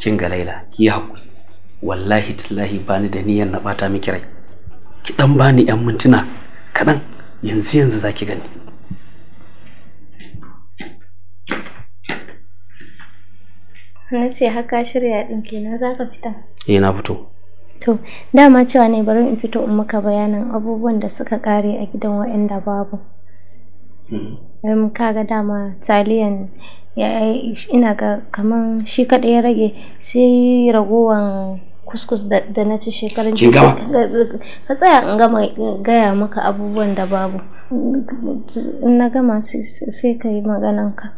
kin ga laila ki haƙuri wallahi tallahi bani da niyyar na bata miki rai ki dan bani yan mintuna kaɗan yanzu yanzu zaki gani na ce haka shirya ɗin kenan za ka fita eh na fito to dama cewa ne bari in fito in maka bayanin abubuwan da suka kare a gidan wa'anda babu um, hmm. kaga dama taliyan ya ina ga kaman shi kaɗai ya rage sai ragowan kuskus da na ci shekarun ka tsaya in gama gaya maka abubuwan da babu in na gama sai ka yi magananka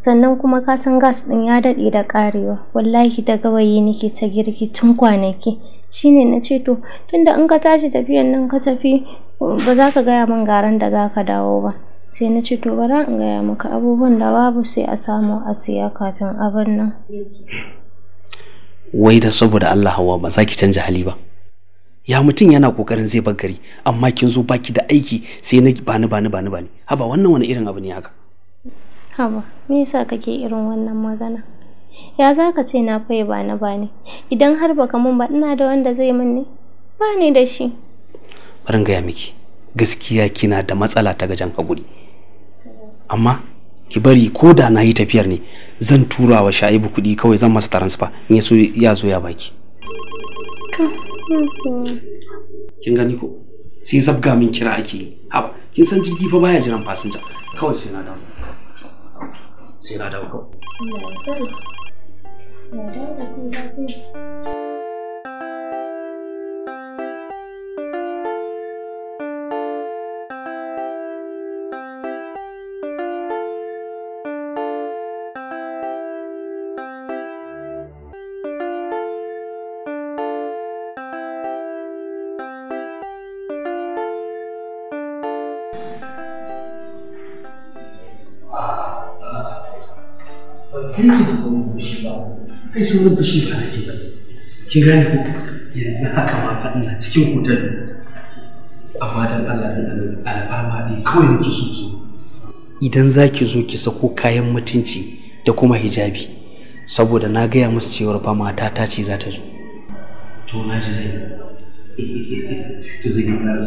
sannan kuma ka san gas din ya daɗe da ƙarewa wallahi da gawayi nake ta girki tun kwanaki shine na ce to tunda in ka tashi tafiyan nan ka tafi ba za ka gaya min garan da za ka dawo ba sai na ci to bara in gaya maka abubuwan da babu sai a samu a siya kafin abin nan wai da saboda Allah hawa ba za ki canja hali ba ya mutum yana kokarin zai bar gari amma kin zo baki da aiki sai na bani bani bani bani haba wannan wani irin abu ne haka haba me yasa kake irin wannan magana ya za ka ce na fai bani bani idan har baka mun ba ina da wanda zai min ne ba da shi bari gaya miki gaskiya kina da matsala ta gajen hakuri amma ki bari ko da na yi tafiyar ne zan tura wa sha'ibu kuɗi kawai zan masa transfer ne so ya zo ya baki kin gani ko sai zabga min kira ake yi haba kin san jirgi fa baya jiran fasinja kawai sai na dawo sai na dawo kawai sai ki da sauran fushi ba kai sauran fushi ba nake ba ki gane ku. yanzu haka ma fa ina cikin hotel A fatan Allah dan Annabi alfama dai kawai nake so ki idan za ki zo ki sako kayan mutunci da kuma hijabi saboda na gaya musu cewar fa mata ta ce za ta zo to na ji zai to zai ga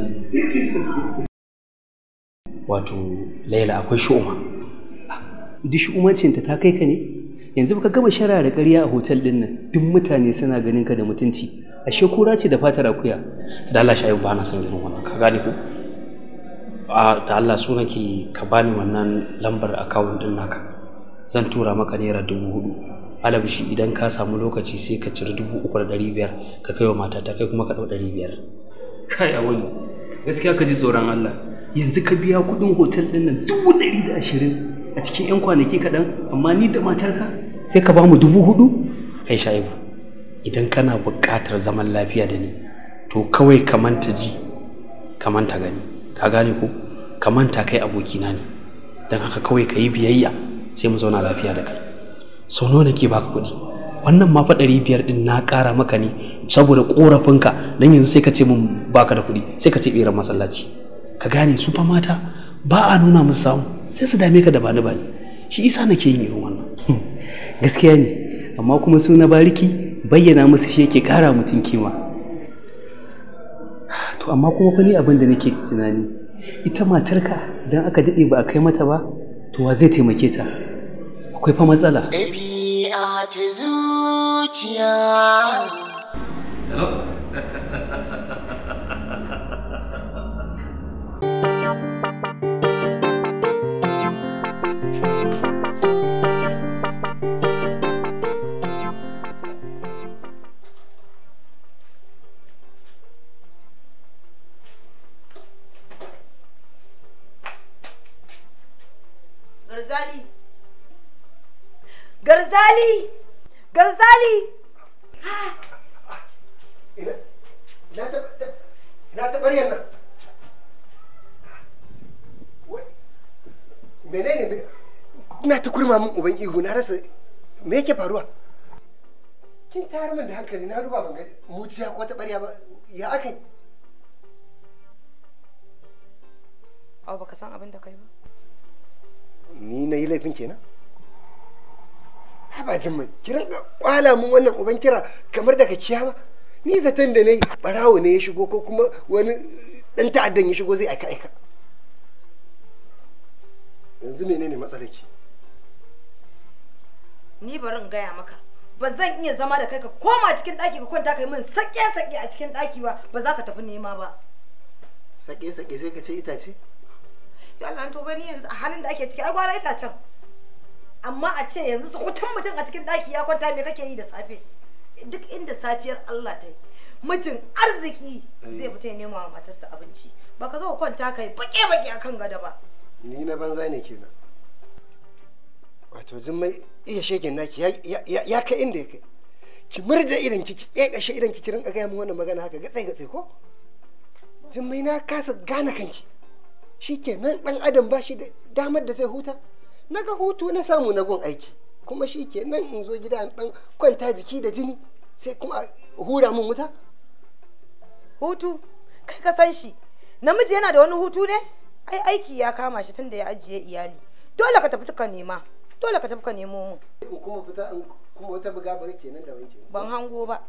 wato laila akwai shu'uma umarcinta ta kai ka ne yanzu ka gama shara da ƙarya a hotel din nan duk mutane suna ganin ka da mutunci ashe kura ce da fatar akuya da Allah shayi ba na san irin wannan ka gane ko a da Allah so ka bani wannan lambar account din naka zan tura maka naira dubu hudu alabishi idan ka samu lokaci sai ka ciri dubu uku da ɗari biyar ka kai wa mata ta kai kuma ka ɗau ɗari biyar kai a wani gaskiya ka ji tsoron Allah yanzu ka biya kuɗin hotel ɗin nan dubu ɗari da ashirin a cikin 'yan kwanaki kaɗan amma ni da matarka sai ka ba mu dubu hudu kai sha'ibu idan kana buƙatar zaman lafiya da ni to kawai ka manta ji ka manta gani ka gane ko ka manta kai abokina ne don haka kawai ka yi biyayya sai mu zauna lafiya da kai sau nawa nake baka kuɗi wannan ma ɗari biyar ɗin na ƙara maka ne saboda ƙorafinka don yanzu sai ka ce min baka da kuɗi sai ka ce ɓeran masallaci ka gane su fa mata ba a nuna musu samu sai su dame ka da bani bani shi isa na ke yin irin wannan gaskiya ne amma kuma su na bariki bayyana musu shi yake kara mutum kima to amma kuma kwani abin da nake tunani ita matarka idan aka daɗe ba a kai mata ba to wa zai taimake ta akwai fa matsala zuciya Garzali! Garzali! Ina ta ɓaryan nan? Menene ina ta kurma min uban ihu na rasa me yake faruwa? Kin tayar min da hankali na duba ban ga muciya ko ta ɓarya ba ya akai? Abu baka san abin da kai ba? Ni na yi laifin kenan? habajin mai kiran kwala mun wannan uban kira kamar daga kiyama ni zaton da nayi barawo ne ya shigo ko kuma wani dan ta'addan ya shigo zai aika aika yanzu menene matsalar ki ni bari in gaya maka ba zan iya zama da kai ka koma cikin daki ka kwanta kai min sake sake a cikin daki ba ba za ka tafi nema ba sake sake sai ka ce itace ya Allah to ba ni yanzu a halin da ake ciki ai gwara itacen amma a ce yanzu su kutan mutum a cikin ɗaki ya kwanta me kake yi da safe duk inda safiyar Allah ta yi mutum arziki eh. zai fita ya nema wa matarsa abinci ba ka zo ka kwanta kai baƙe baƙe akan gada ba ni na banza ne kenan wato jummai iya shegen naki ya kai inda ya kai ki murje idan ki ki kashe idan ki rinka gaya mu wannan magana haka gatsai gatsai ko jummai na kasa gane kanki shikenan dan adam ba shi da damar da zai huta na ga hutu na samu na gun aiki kuma shi ke nan in zo gida dan kwanta jiki da jini sai kuma hura min wuta hutu kai ka san shi namiji yana da wani hutu ne ai aiki ya kama shi tun da ya ajiye iyali dole ka tafi ka nema dole ka tafi ka nemo mu kuma fita in kuma wata buga ba kenan da wanke ban hango ba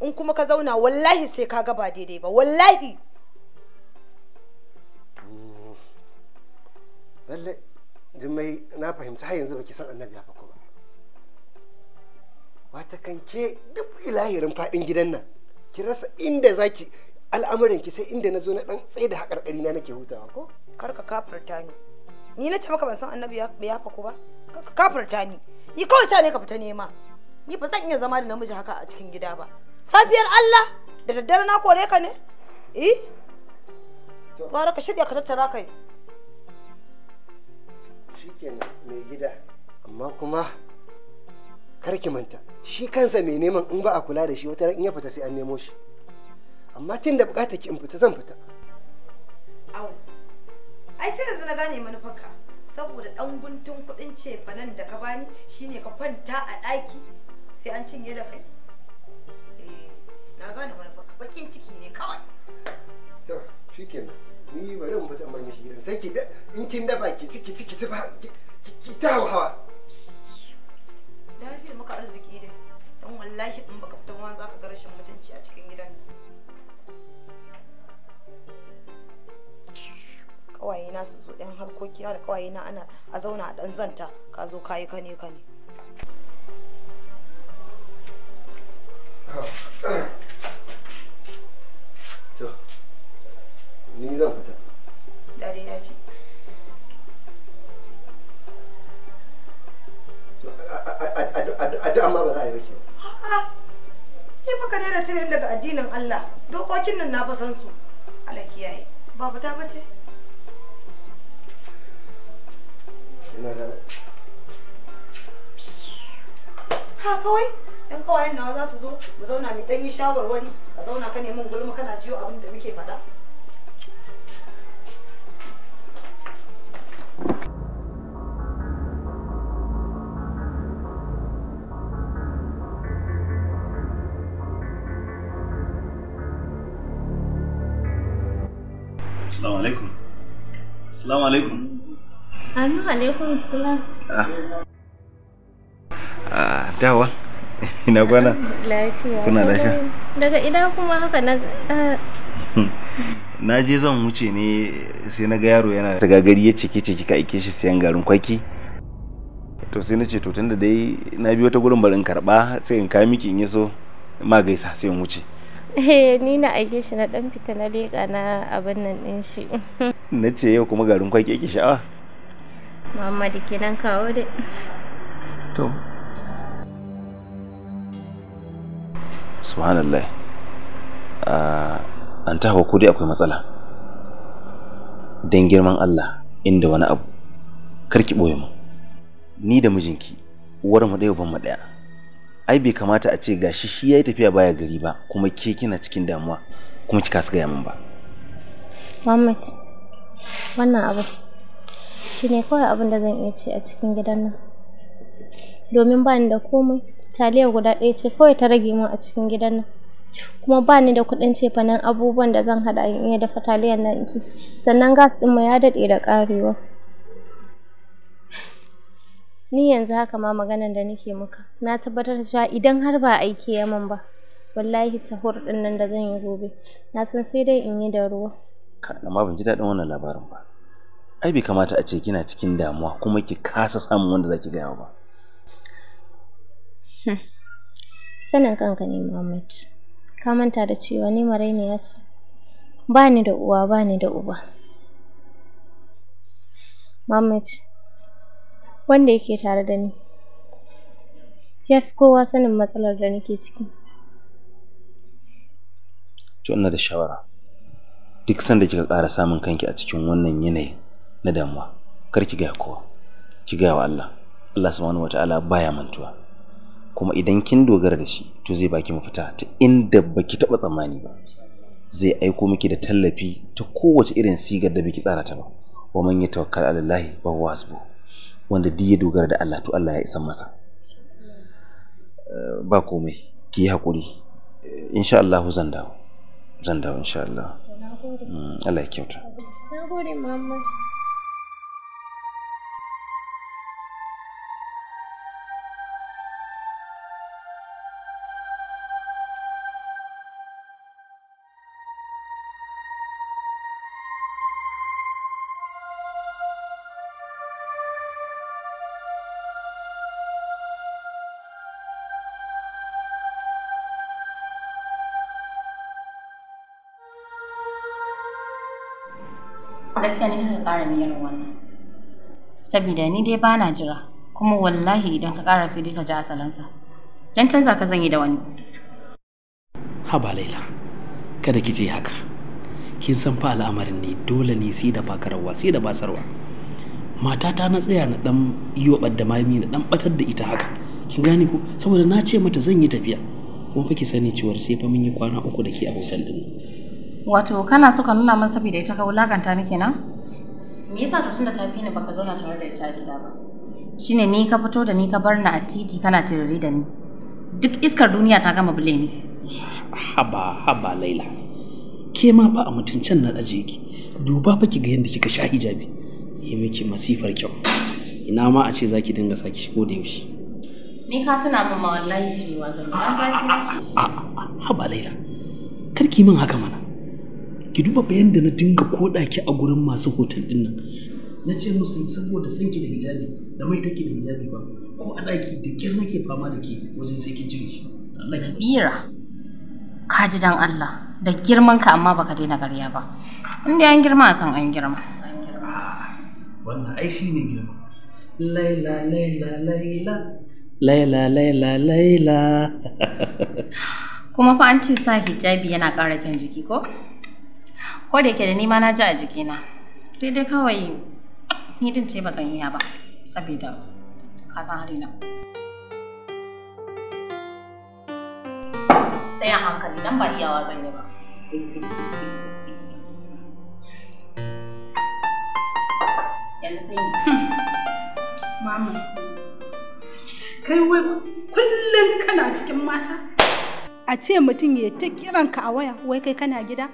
in kuma ka zauna wallahi sai ka ga ba daidai ba wallahi hmm. jummai na fahimci har yanzu baki san annabi ya fako ba wata kanke duk ilahirin fadin gidan nan ki rasa inda zaki al'amuran ki sai inda na zo na dan tsaye da hakarkari na nake hutawa ko karka kafirta ni ni na ce maka ban san annabi ya fako ba karka kafirta ni ni kawai ta ne ka fita nema ni ba zan iya zama da namiji haka a cikin gida ba safiyar Allah da daddare na kore ka ne eh gwara ka shirya ka tattara kai kenan mai gida amma kuma karki manta shi kansa mai neman in ba a kula da shi wata in ya fita sai an nemo shi amma tun da bukata ki in fita zan fita au ai sai yanzu na gane manufarka saboda dan guntun kudin cefanen da ka bani shine ka kwanta a daki sai an cinye da kai eh na gane manufarka bakin ciki ne kawai to shikenan ni gidan sai ki in kin dafa ki ci ki ta hawa maka arziki dai dan wallahi baka fita ma ga rashin mutunci a cikin gidan kawaye na su zo ɗan harkoki da kawaye na ana a zauna a ɗan zanta ka zo kayi kane kane to ni zan fita dare ya fi addu'a ma ba za a yi ba ke ke baka daina cire daga addinin Allah dokokin nan na fasan su Allah kiyaye ba fita ba ce ina da ha kawai yan kawayen nawa za su zo mu zauna mai ɗan yi shawarwari ka zauna ka neman gulma kana jiyo abin da muke faɗa Assalamu alaikum. Assalamu alaikum. Amin alaikum salam. Ah. ah, dawa. Ina kwana? Lafiya. Kuna lafiya? Daga ina kuma haka na ah. hmm. na je zan wuce ne sai na ga yaro yana daga gari ya cike ciki ka aike shi sayan garin kwaki to sai na to tunda dai na bi wata gurin barin karba sai in ka miki in yaso ma gaisa sai in wuce eh ni na aike shi na ɗan fita na leƙa na abin nan din shi na ce yau kuma garin kwaki ah. ke sha'awa muhammadu kenan kawo dai to subhanallah ah, an ta hawa dai akwai matsala don girman Allah inda wani abu karki ɓoye mu ni da mijinki uwar mu ɗaya ban mu ɗaya ai bai kamata a ce gashi shi yayi tafiya baya gari ba kuma ke kina cikin damuwa kuma kika su gaya min ba Muhammad wannan abu shine kawai abin da zan iya ce a cikin gidan nan domin ba ni da komai taliya guda ɗaya ce kawai ta rage min a cikin gidan nan kuma ba ni da kuɗin cefanen abubuwan da zan haɗa in iya dafa taliyar nan ci sannan gas ɗin mu ya daɗe da ƙarewa ni yanzu haka ma maganan da nake maka na tabbatar da cewa idan har ba aiki ya min ba wallahi sahur din nan da zan yi gobe na san sai dai in yi da ruwa amma ban ji daɗin wannan labarin ba ai bai kamata a ce kina cikin damuwa kuma ki kasa samun wanda zaki gaya ba hmm. sanin kanka ne Muhammad ka manta da cewa ni ya ce ba ni da uwa ba ni da uba Muhammad wanda yake tare da ni ya fi kowa sanin matsalar da nake ciki to ina da shawara duk sanda kika ƙara samun kanki a cikin wannan yanayi na damuwa kar ki gaya kowa ki gaya wa Allah Allah subhanahu wataala baya mantuwa kuma idan kin dogara da shi to zai baki mafita ta inda baki taɓa tsammani ba zai aiko miki da tallafi ta kowace irin sigar da biki tsara ta ba wa man yatawakkal ala Allah wa huwa hasbuh wanda duk ya dogara da Allah to Allah ya isan masa eh, ba komai ki yi haƙuri eh, insha Allah zan dawo zan dawo insha Allah mm, Allah ya kyauta nagode mamma gaskiya ni kada ƙara min wannan saboda ni dai bana jira kuma wallahi idan ka ƙara sai dai ka ji asalansa can canza ka zan yi da wani haba laila kada ki ji haka kin san fa al'amarin ne dole ne sai da bakarwa sai da basarwa matata na tsaya na dan yiwa badda mami na dan batar da ita haka kin gane ko saboda na ce mata zan yi tafiya kuma fa ki sani cewa sai fa mun yi kwana uku da ke a hotel din Wato kana so ka nuna min saboda ita ka wulakanta ni kenan? Me yasa to tunda ta fi ni baka zauna tare da ita gida ba? Shine ni ka fito da ni ka bar ni a titi kana tirare da ni. Duk iskar duniya ta gama bule ni. Haba haba Laila. Ke ma ba a mutuncin na aje ki. Duba fa ki ga yadda kika sha hijabi. Yi miki masifar kyau. Ina ma a ce zaki dinga saki ko da yaushe. Me ka tuna min ma wallahi wa zan ba zafi. Haba Laila. Karki min haka mana. ki duba bayan da na dinga koda ki a gurin masu hotel din nan na ce musu saboda san ki da hijabi da mai take da hijabi ba ko a daki da kyar nake fama da ke wajen sai ki jiri. shi Zabira ka ji dan Allah da girman ka amma baka daina garya ba inda an girma a san an girma ah, wannan ai ne girma laila laila laila laila laila laila kuma fa an ce sa hijabi yana ƙara kyan jiki ko ko da yake da nima na ji a jikina sai dai kawai ni din ce ba zan iya ba saboda ka san na sai a hankali nan ba iyawa zan yi ba yanzu sai hmm. mama kai wai kullum kana cikin mata a ce mutum ya ta kiranka a waya wai kai kana gida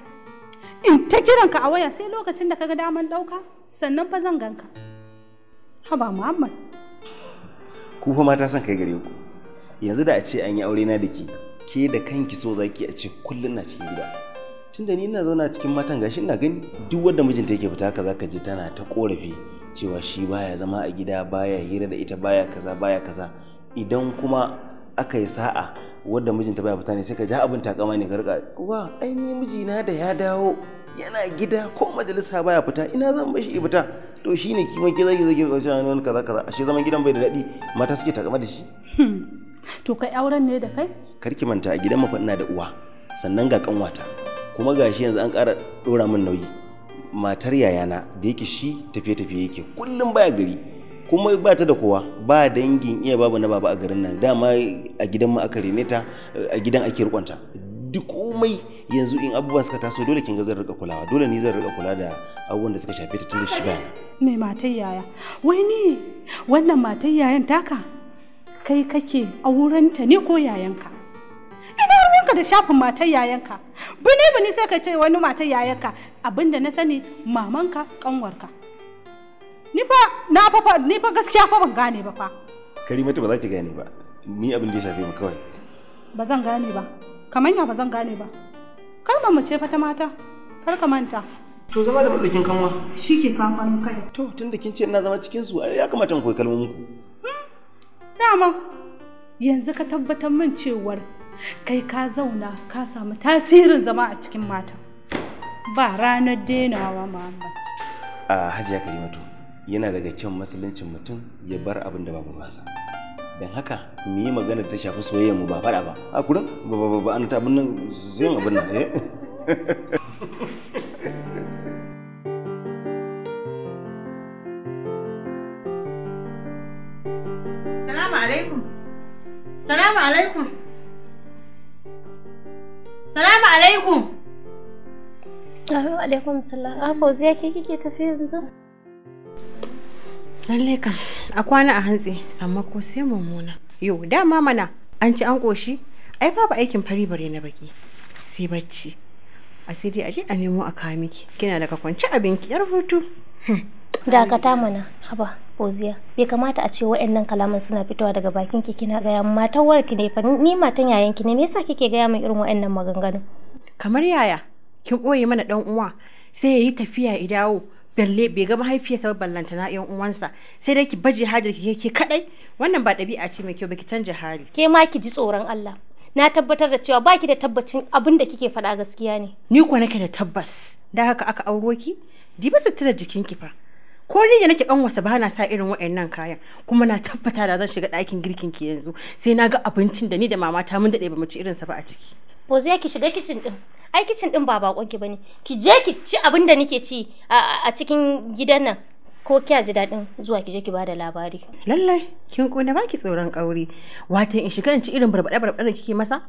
in ta kiran ka a waya sai lokacin da kaga daman ɗauka sannan fa zan ganka haba muhammad ku fa mata son kai gare ku yanzu da a ce an yi aure na da ke ke da kanki so zaki a ce kullum na cikin gida tunda ni ina zauna cikin matan gashi ina gani duk wanda mijinta yake fita haka zaka ji tana ta korafi cewa shi baya zama a gida baya hira da ita baya kaza baya kaza idan kuma aka yi sa'a wadda mijinta baya fita ne sai ka ja abin takama ne ka rika wa ai mijina da ya dawo yana gida ko majalisa baya fita ina zan bashi ya fita to shine kiman ke zage zaki ga wani kaza kaza ashe zaman gidan bai da daɗi mata suke takama da shi hmm. to kai auren ne da kai karki manta a gidan mafa ina da uwa sannan ga kanwata kuma gashi yanzu an kara dora min nauyi matar yayana da yake shi tafiye-tafiye yake kullum baya gari kuma ba ta da kowa ba dangin iya babu na baba a garin nan dama a gidan mu aka rene ta a gidan ake rikonta duk komai yanzu in abubuwa suka taso dole kin ga zan rika kulawa dole ni zan rika kula da abubuwan da suka shafe ta tun da shi ba mai matai yaya wai ni wannan matai yayan taka kai kake aurenta ne ko yayanka ina ruwanka da shafin matar yayanka bune bini sai ka ce wani matar yayanka abinda na sani mamanka kanwarka ni fa na fa ni fa gaskiya fa ban gane ba fa karimatu ba za ki gane ba ni abin da ya shafe mu kawai ba zan gane ba kamanya ba zan gane ba kalmar mu ce fa ta mata kar ka manta to zama da bakin kanwa shike kan kanu kai to tunda kin ce ina zama cikin su ya kamata mu koyi kalmomin ku hmm. dama yanzu ka tabbatar min cewar kai ka zauna ka samu tasirin zama a cikin mata ba ranar denawa Muhammad a ah, hajiya karimatu yana daga kyan matsalancin mutum ya bar abin da babu basa don haka mu yi magana ta shafi soyayyar mu ba fada ba a kurin ba ba ba an ta abin nan zuwa abin nan eh Salamu alaikum. Salamu alaikum. Salamu alaikum. Salamu alaikum salam. Afauziya ke kike tafi yanzu? Lalle a kwana a hantsi sammako sai mummuna. Yo dama mana an ci an ƙoshi ai babu aikin fari bare na baki sai bacci. A sai dai aje a nemo a kawo miki kina daga kwanci abinki yar hutu. Hmm. Dakata mana haba Oziya bai kamata a ce waɗannan kalaman suna fitowa daga bakin ki kina gaya matan warki ne fa ni matan yayan ki ne me yasa kike gaya min irin waɗannan maganganu? Kamar yaya kin ɓoye mana ɗan uwa sai yayi tafiya ya dawo balle bai ga mahaifiyarsa ba ballanta na yan uwansa sai dai ki baje hajar ki ke kadai wannan ba ɗabi'a ce mai kyau ba ki canja hali ke ma ki ji tsoron Allah na tabbatar da cewa baki da tabbacin abin da kike faɗa gaskiya ne ni ko nake da tabbas da haka aka auro ki diba sutura ki fa ko ni da nake kanwasa ba na sa irin wa'annan kayan kuma na tabbata da zan shiga ɗakin girkin ki yanzu sai na ga abincin da ni da mamata mun daɗe ba mu ci irinsa ba a ciki Fauziya ki shiga kicin din. Ai kitchen din ba bakon ki bane. Ki je ki ci abin da nake ci a cikin gidan nan. Ko kya ji dadin zuwa ki je ki bada labari. Lallai kin kuna baki tsoron kauri. Wato in shiga in ci irin barbaɗe barbaɗe da kike masa?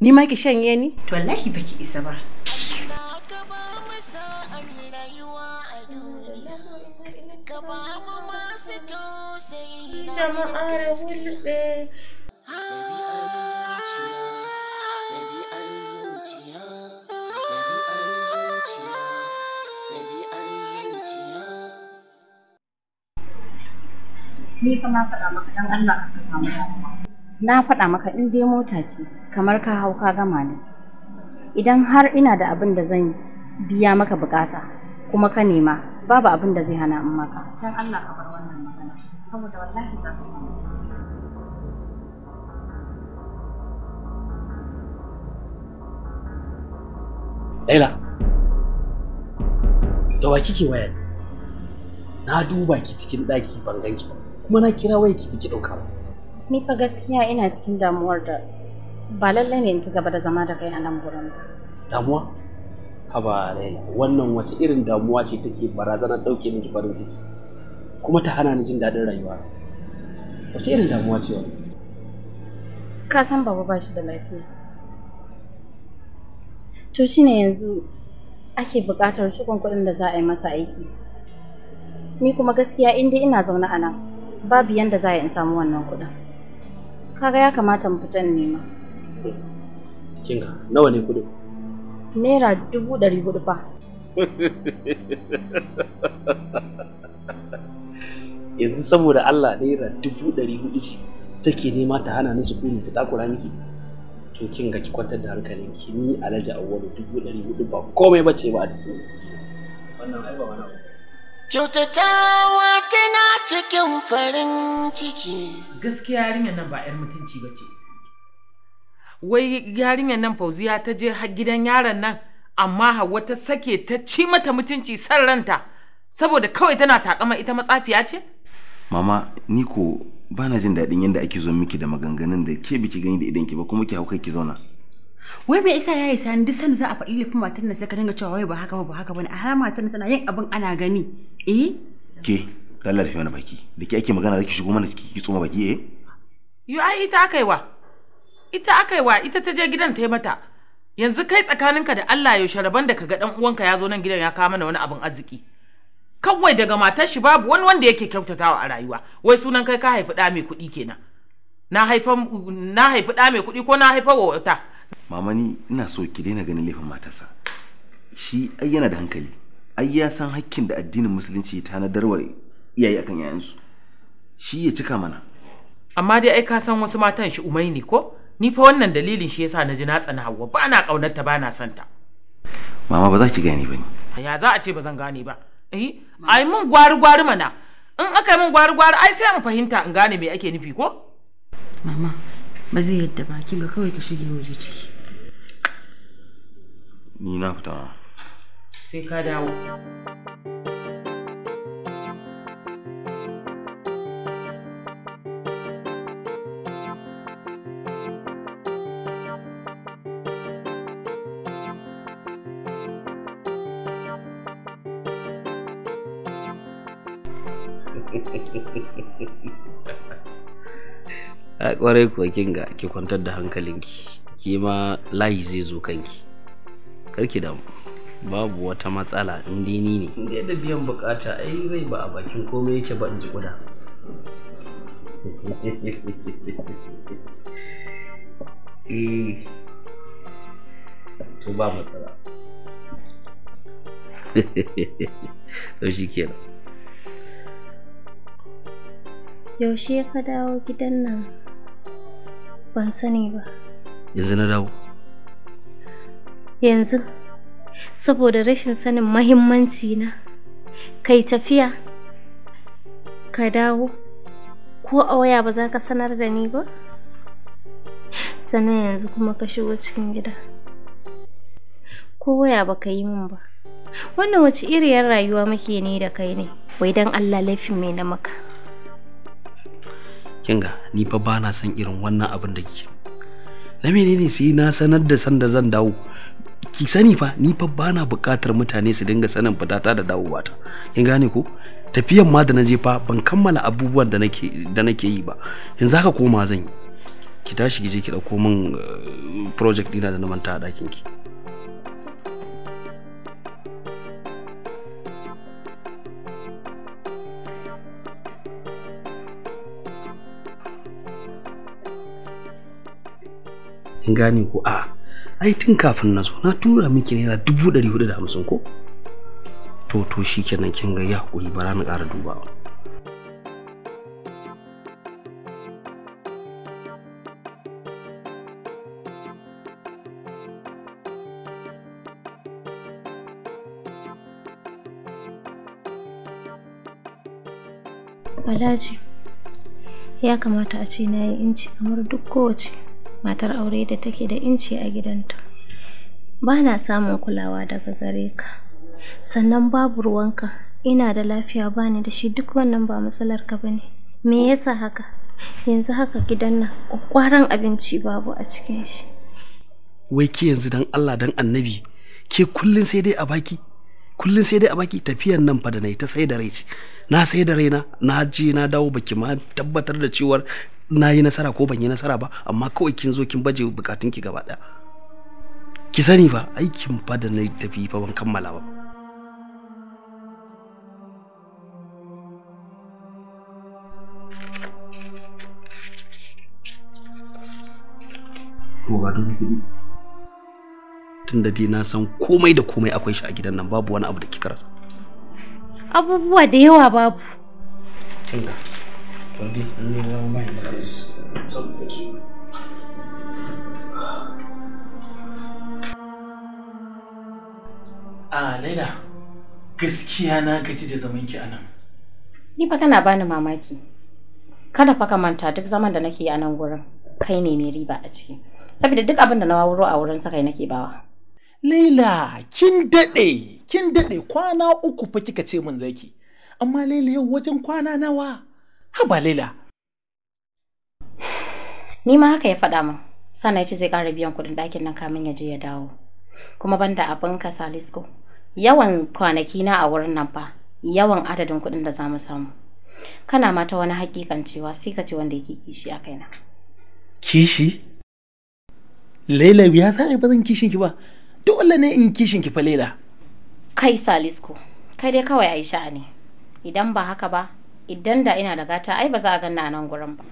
Ni ma ki shanye ni? To wallahi baki isa ba. Jama'a ni fa na faɗa maka dan Allah ka samu na faɗa maka in dai mota ce kamar ka hau ka gama ne idan har ina da abin da zan biya maka bukata kuma ka nema babu abin da zai hana in maka dan Allah ka bar wannan magana saboda wallahi za ka samu Laila, da wa kike waya? Na duba ki cikin ɗaki ban ganki ba. kuma na kira wai ki ki dauka ba ni fa gaskiya ina cikin damuwar da ba lallai ne in ci gaba da zama da kai a nan gurin ba damuwa haba laila wannan wace irin damuwa ce take barazanar dauke miki farin ciki kuma ta hana ni jin daɗin rayuwa wace irin damuwa ce wannan ka san baba ba shi da lafiya to shine yanzu ake buƙatar cikon kuɗin da za a yi masa aiki ni kuma gaskiya in dai ina zaune a nan babu yanda za a yi in samu wannan kuɗin kaga ya kamata mu fita nema kinga nawa ne kuɗin naira dubu ɗari hudu fa yanzu saboda Allah naira dubu ɗari hudu ce take nema ta hana ni sukuni ta takura miki to kinga ki kwantar da hankalin ki ni alhaji awwalu dubu ɗari hudu ba komai bace ba a cikin wannan ai ba wani abu Kyautatawa tana cikin farin ciki. Gaskiya yarinyar nan ba 'yar mutunci ba ce. Wai yarinyar nan fauziya ta je gidan yaron nan amma Hauwa ta sake ta ci mata mutunci san ranta saboda kawai tana takama ita matsafiya ce? Mama, ni ko ba na jin daɗin yadda ake zo miki da maganganun da ke biki gani da idan ki ba kuma ki hau kai ki zauna. wai me yasa yayi sani duk sanin za a faɗi laifin matar nan sai ka dinga cewa wai ba haka ba ba haka bane a har matar nan tana yin abin ana gani eh ke Allah da mana baki da ke ake magana zaki shigo mana ki tsoma baki eh yo ai ita akai wa ita akai wa ita ta je gidan ta yi mata yanzu kai tsakaninka da Allah ya sharaban da kaga dan uwanka ya zo nan gidan ya kawo mana wani abin arziki kawai daga matar shi babu wani wanda yake kyautatawa a rayuwa wai sunan kai ka haifi da mai kuɗi kenan na haifa na haifi da mai kuɗi ko na haifa wa wata mama ni ina so ki daina ganin laifin matarsa shi ai yana da hankali ai ya san hakkin da addinin musulunci ta na darwa iyaye akan yayansu shi ya cika mana amma dai ai ka san wasu matan shi umai ne ko ni fa wannan dalilin shi yasa na ji na tsana hawa ba na kaunar ta ba na son ta mama ba za ki gane ba ya za a ce ba zan gane ba eh ai mun gwari gwari mana in aka yi mun gwari gwari ai sai mu fahimta in gane me ake nufi ko mama ba zai yadda ba kin ga kawai ka shige mu j ciki ni na fita sai ka dawo a eh, kwarai kuwa kin ga ki kwantar da hankalinki ki ma layi zai zo kanki karki damu babu wata matsala in dini ne in da biyan bukata ai rai ba a bakin komai yake ba in ji kuda eh, yaushe ka dawo gidan nan Ban sani ba. Yanzu na dawo. Yanzu, saboda rashin sanin mahimmanci na, kai tafiya, ka dawo, ko a waya ba za ka sanar da ni ba? Sannan yanzu kuma ka shigo cikin gida. Ko waya ba ka yi min ba. Wannan wace iriyar rayuwa muke ni da kai ne, wai dan Allah laifin mai na maka. kinga ni fa ba son irin wannan abin da kike na menene sai na sanar da san da zan dawo ki sani fa ni fa ba na buƙatar mutane su dinga sanin fitata da dawowa ta kin gane ko tafiyan ma da na je fa ban kammala abubuwan da nake da nake yi ba yanzu haka koma zan yi ki tashi ki je ki dauko min eh, project dina da na manta a dakin ki kin gane ko a ai tun kafin na zo na tura miki naira dubu ɗari hudu da hamsin ko to to shi kenan kin ga ya hakuri bara na ƙara duba. Alhaji ya kamata a ce na yi inci kamar duk kowace matar aure da take da inci a gidanta ba na samun kulawa daga gare ka sannan babu ruwanka ina da lafiya bani da shi duk wannan ba matsalar ka ba ne me yasa haka yanzu haka gidan nan kwaran abinci babu a cikin shi wai ki yanzu dan Allah dan annabi ke kullum sai dai a baki kullum sai dai a baki tafiyan nan fa da nayi ta sai da rai na sai da raina na je na dawo baki ma tabbatar da cewar na yi nasara ko ban yi nasara ba amma kawai kin zo kin baje bukatun ki gaba daya ki sani ba aikin fa da na tafi fa ban kammala ba tun da dai na san komai da komai akwai shi a gidan nan babu wani abu da kika rasa abubuwa da yawa babu to in a gaskiya na gaji da zaman ki anan ni fa kana bani mamaki kada fa ka manta duk zaman da nake a nan gurin kai ne mai riba a ciki saboda duk abin da na wawuro a wurin sa kai nake bawa Laila kin daɗe kin daɗe kwana uku fa kika ce min zaki amma Laila yau wajen kwana nawa Haba Ni ma haka ya faɗa min. Sana ya ce zai ƙara biyan kuɗin ɗakin nan kamin ya je ya dawo. Kuma banda abin ka Salisko. Yawan kwanaki na a wurin nan fa, yawan adadin kuɗin da za mu samu. Kana ma ta wani hakikan cewa sai ka ce wanda yake kishi a kaina. Kishi? Laila ya za a yi ba kishin ki ba. Dole ne in kishin ki fa Laila. Kai Salisko, kai dai kawai Aisha ne. Idan ba haka ba, idan da ina da gata ai ba za a ganna a nan gurin ba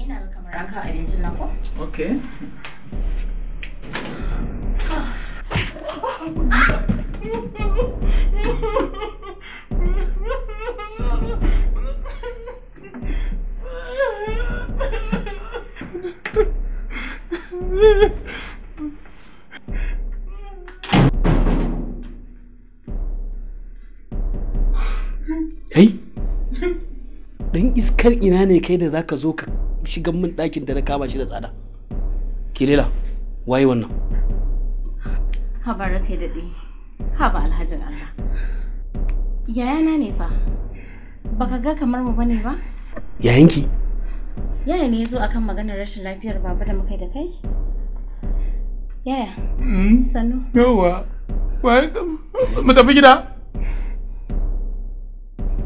ina ga kamar an kawo abincin nan ko okay kai dan iskar ina ne kai da zaka zo ka shiga min ɗakin da na kama shi da tsada kilela waye wannan habara kai daɗi haba alhajin allah yayana ne fa baka ga kamar mu bane ba yayanki yaya ne ya zo akan maganar rashin lafiyar baba da muka da kai yaya mm-hmm. sannu yawa waye mu tafi gida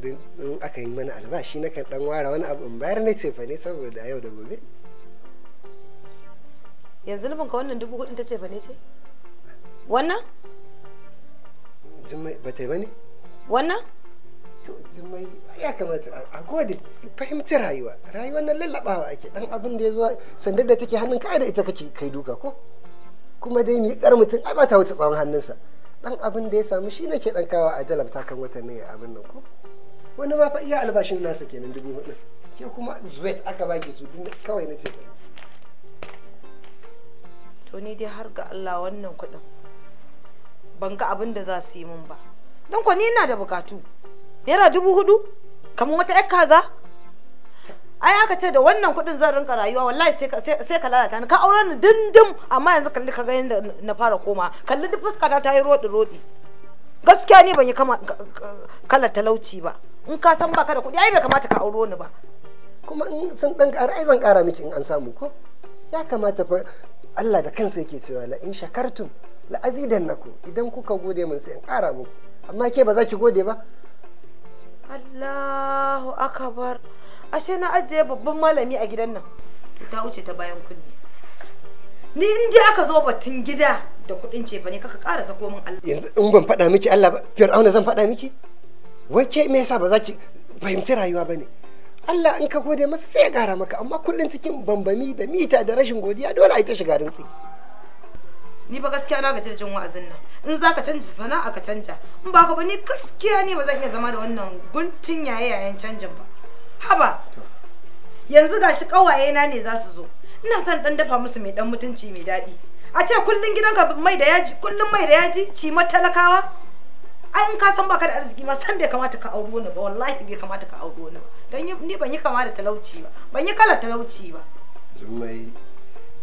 din in aka yi mana albashi na kan dan ware wani abu in bayar na ce fa ne saboda yau da gobe yanzu nufin ka wannan dubu hudun ta ce fa ne ce wannan jimai ba ta yi bane wannan to jimai ya kamata a gode fahimci rayuwa rayuwa nan lallabawa ake dan abin da ya zo sandar da take hannun ka da ita kake kai duka ko kuma dai mi kar mutum a ba ta wuce tsawon hannunsa dan abin da ya samu shi nake dan kawa a jalabta kan watanni abin nan ko wani ma fa iya albashin nasa kenan dubu hudu ke kuma zuwet aka baki su kawai na ce to ni dai har ga Allah wannan kudin ban ga abin da za su yi min ba don ko ni ina da bukatu naira dubu hudu kamar wata yar kaza ai aka ce da wannan kudin zan rinka rayuwa wallahi sai ka lalata ni ka aure ni dindim amma yanzu kalli ka ga yadda na fara koma kalli duk fuska ta yi rodi rodi gaskiya ne ban yi kama kalar talauci ba in ka san baka da kuɗi ai bai kamata ka auro ni ba kuma in sun dan ƙara ai zan ƙara miki in an samu ko ya kamata fa Allah da kansa yake cewa la in shakartum la azidannakum idan kuka gode min sai in ƙara muku amma ke ba za ki gode ba Allahu akbar ashe na ajiye babban malami a gidan nan ta wuce ta bayan kunni ni in dai aka zo batun gida da kuɗin ce ba ne kaka ƙara sako min Allah yanzu in ban faɗa miki Allah ba fir'auna zan faɗa miki wai ke me yasa ba za ki fahimci rayuwa ba ne Allah in ka gode masa sai ya gara maka amma kullum cikin bambami da mita da rashin godiya dole a yi ta shiga rintsi ni ba gaskiya na gaji da jin wa'azin nan in za ka canja sana'a ka canja in ba ka ba ni gaskiya ne ba zan iya zama da wannan guntun yaye yayan canjin ba haba yanzu gashi kawaye na ne za su zo ina son dan dafa musu mai dan mutunci mai daɗi a ce kullum ka mai da yaji kullum mai da yaji ci talakawa ai in ka san baka da arziki ma san bai kamata ka auro ni ba wallahi bai kamata ka auro ni ba dan ni ban yi kama da talauci ba ban yi kala talauci ba jummai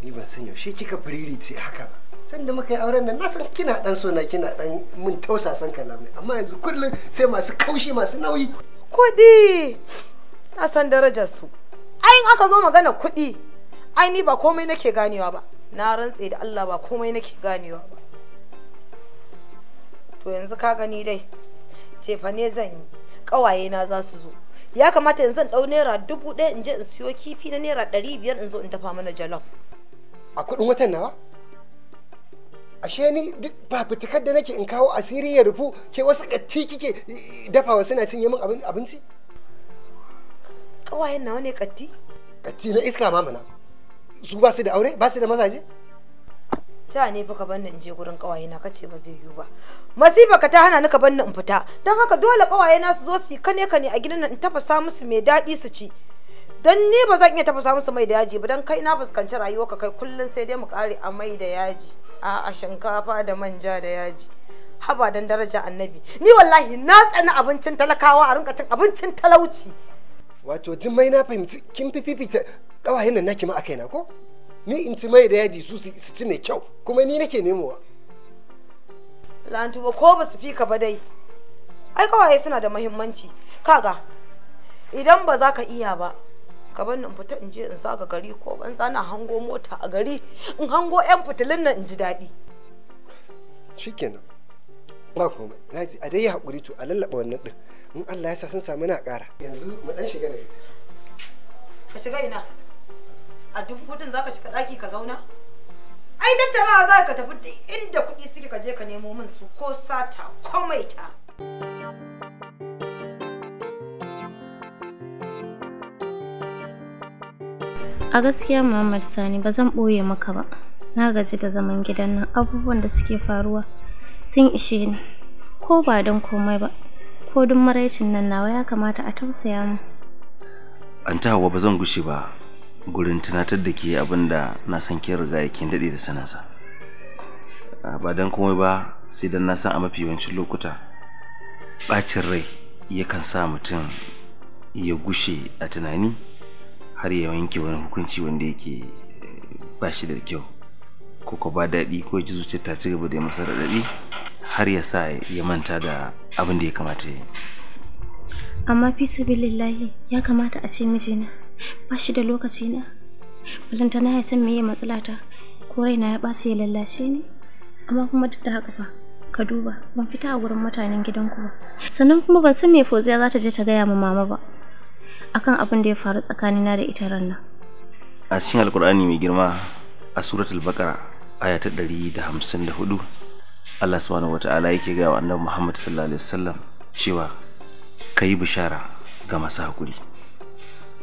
ni ban san yaushe kika firirice haka ba san da muka yi auren nan na san kina dan na kina dan mun tausa san kana kalamai amma yanzu kullum sai masu kaushi masu nauyi kudi na san darajar su ai in aka zo magana kudi ai ni ba komai nake ganewa ba na rantse da Allah ba komai nake ganewa ba to yanzu ka gani dai cefa ne zan yi kawaye na za su zo ya kamata yanzu ɗau naira dubu ɗaya in je in siyo kifi na naira ɗari biyar in zo in dafa mana jalof a kuɗin watan nawa ashe ni duk ba fitikar da nake in kawo asiri ya rufu ke wasu gatti kike eh, eh, dafawa suna cinye min abinci ƙawayen nawa ne ƙatti ƙatti na iska ma mana su ba su da aure ba su da mazaje Ca ne ka ban in je gurin ƙawayena kace ba zai yiwu ba masifa ka ta hana ni ka bar ni in fita don haka dole kawaye na su zo su kane kane a gidan nan in tafasa musu mai daɗi su ci don ni ba zan iya tafasa musu mai da yaji ba don kai na fuskanci rayuwa ka kai kullum sai dai mu kare a mai da yaji a shinkafa da manja da yaji haba don daraja annabi ni wallahi na tsani abincin talakawa a rinka cin abincin talauci wato jin mai na fahimci kin fi fifita kawayen nan naki ma akai na ko ni in ci mai da yaji su su ci mai kyau kuma ni nake nemowa lantu ba ko ba su fi ka ba dai ai kawai suna da muhimmanci kaga idan ba za ka iya ba ka bar in fita in je in saka gari ko ban na hango mota a gari in hango yan fitilun nan in ji daɗi shikenan ba komai na ji a dai haƙuri to a lallaba wannan ɗin in Allah ya sa sun samu na ƙara yanzu mu ɗan shiga na ka shiga ina a duk gudun za ka shiga ɗaki ka zauna ai tattara za ka tafi duk inda kuɗi suke ka je ka nemo min su ko sata ko maita. A gaskiya Muhammad Sani ba zan ɓoye maka ba. Na gaji da zaman gidan nan abubuwan da suke faruwa sun ishe ni. Ko ba don komai ba, ko don maraicin nan nawa ya kamata a tausaya mu. An ta hawa ba zan gushe ba, gurin tunatar da ke abin da na san kin riga kin daɗe da sanansa ba dan komai ba sai don na san a mafi yawancin lokuta ɓacin rai yakan sa mutum ya gushe a tunani har ya yanke wani hukunci wanda yake eh, ba shi da kyau ko ko ba daɗi ko ji zuciyar ta ci gaba da masa raɗaɗi har ya sa ya manta da abin da ya kamata ya yi amma fi sabilillahi ya kamata a ce mijina ba shi da lokaci na balanta na ya san meye matsalata ko raina ya ɓaci ya lallashe ni amma kuma duk da haka fa ka duba ban fita a gurin mutanen gidanku ba sannan kuma ban san me fozia za ta je ta gaya ma mama ba akan abin da ya faru tsakanina da ita ran a cikin alkur'ani mai girma a suratul baqara aya ta hudu, Allah subhanahu wata'ala yake gaya wa annabi Muhammad sallallahu alaihi wasallam cewa yi bishara ga masu hakuri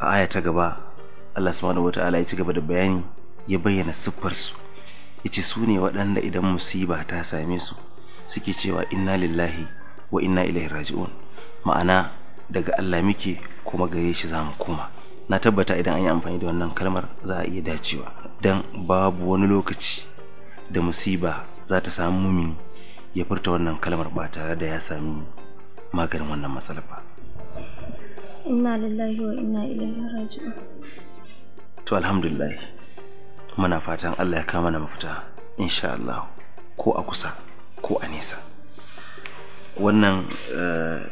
a aya ta gaba Allah subhanahu wata'ala ya ci gaba da bayani ya bayyana siffarsu ya ce su ne waɗanda idan musiba ta same su suke cewa inna lillahi wa inna ilaihi raji'un ma'ana daga Allah muke kuma gare shi za mu koma na tabbata idan an yi amfani da wannan kalmar za a iya dacewa dan babu wani lokaci da musiba za ta samu mumin ya furta wannan kalmar ba tare da ya sami maganin wannan matsalar ba Inna lillahi wa inna ilaihi raji'un. To alhamdulillah. Muna fatan Allah ya kama na mafita insha Allah ko a kusa ko a nesa. Wannan eh,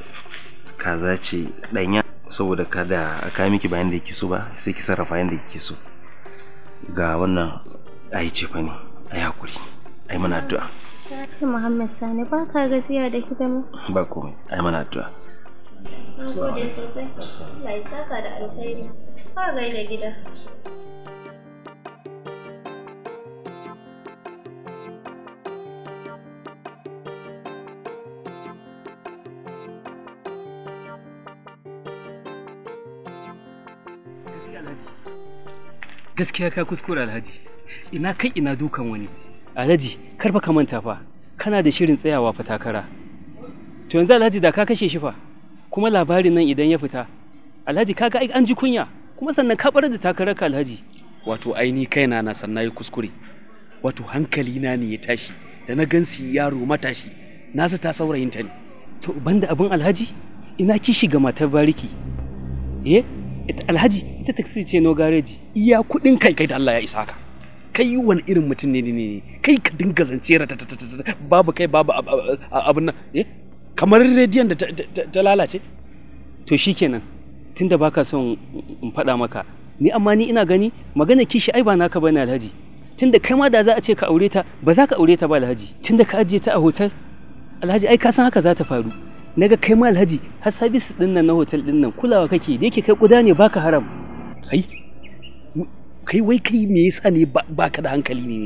kaza ce ɗanya saboda kada a kawo miki bayan da yake so ba sai ki sarrafa yadda kike so. Ga wannan a yi cefa ne a yi hakuri a yi mana addu'a. Sani Muhammad Sani ba ka gajiya da hidima? Ba komai a yi mana addu'a. Na gode sosai. saka da gaida gida. gaskiya ka kuskura alhaji ina kai ina dukan wani alhaji kar fa ka manta fa kana da shirin tsayawa fa takara to yanzu alhaji da ka kashe shi fa kuma labarin nan idan ya fita alhaji kaga ai an ji kunya kuma sannan ka da takararka alhaji wato aini kaina na sannan yi kuskure wato hankali na ne ya tashi da na gansi yaro matashi nasa ta saurayin ta ne to banda abin alhaji ina kishi ga matar bariki eh alhaji ita taksi ce no gareji iya kudin kai kai da Allah ya isa ka kai wani irin mutum ne ne kai ka dinga zance babu kai babu abin nan eh kamar rediyon da ta lalace to shikenan tunda baka son in faɗa maka ni amma ni ina gani magana kishi ai ba naka bane alhaji tunda kai ma da za a ce ka aure ta ba za ka aure ta ba alhaji tunda ka ajiye ta a hotel alhaji ai ka san haka za ta faru naga kai ma alhaji har sabis din nan na hotel din nan kulawa kake da yake kai kuda ne baka haram kai kai wai kai me yasa ne baka da hankali ne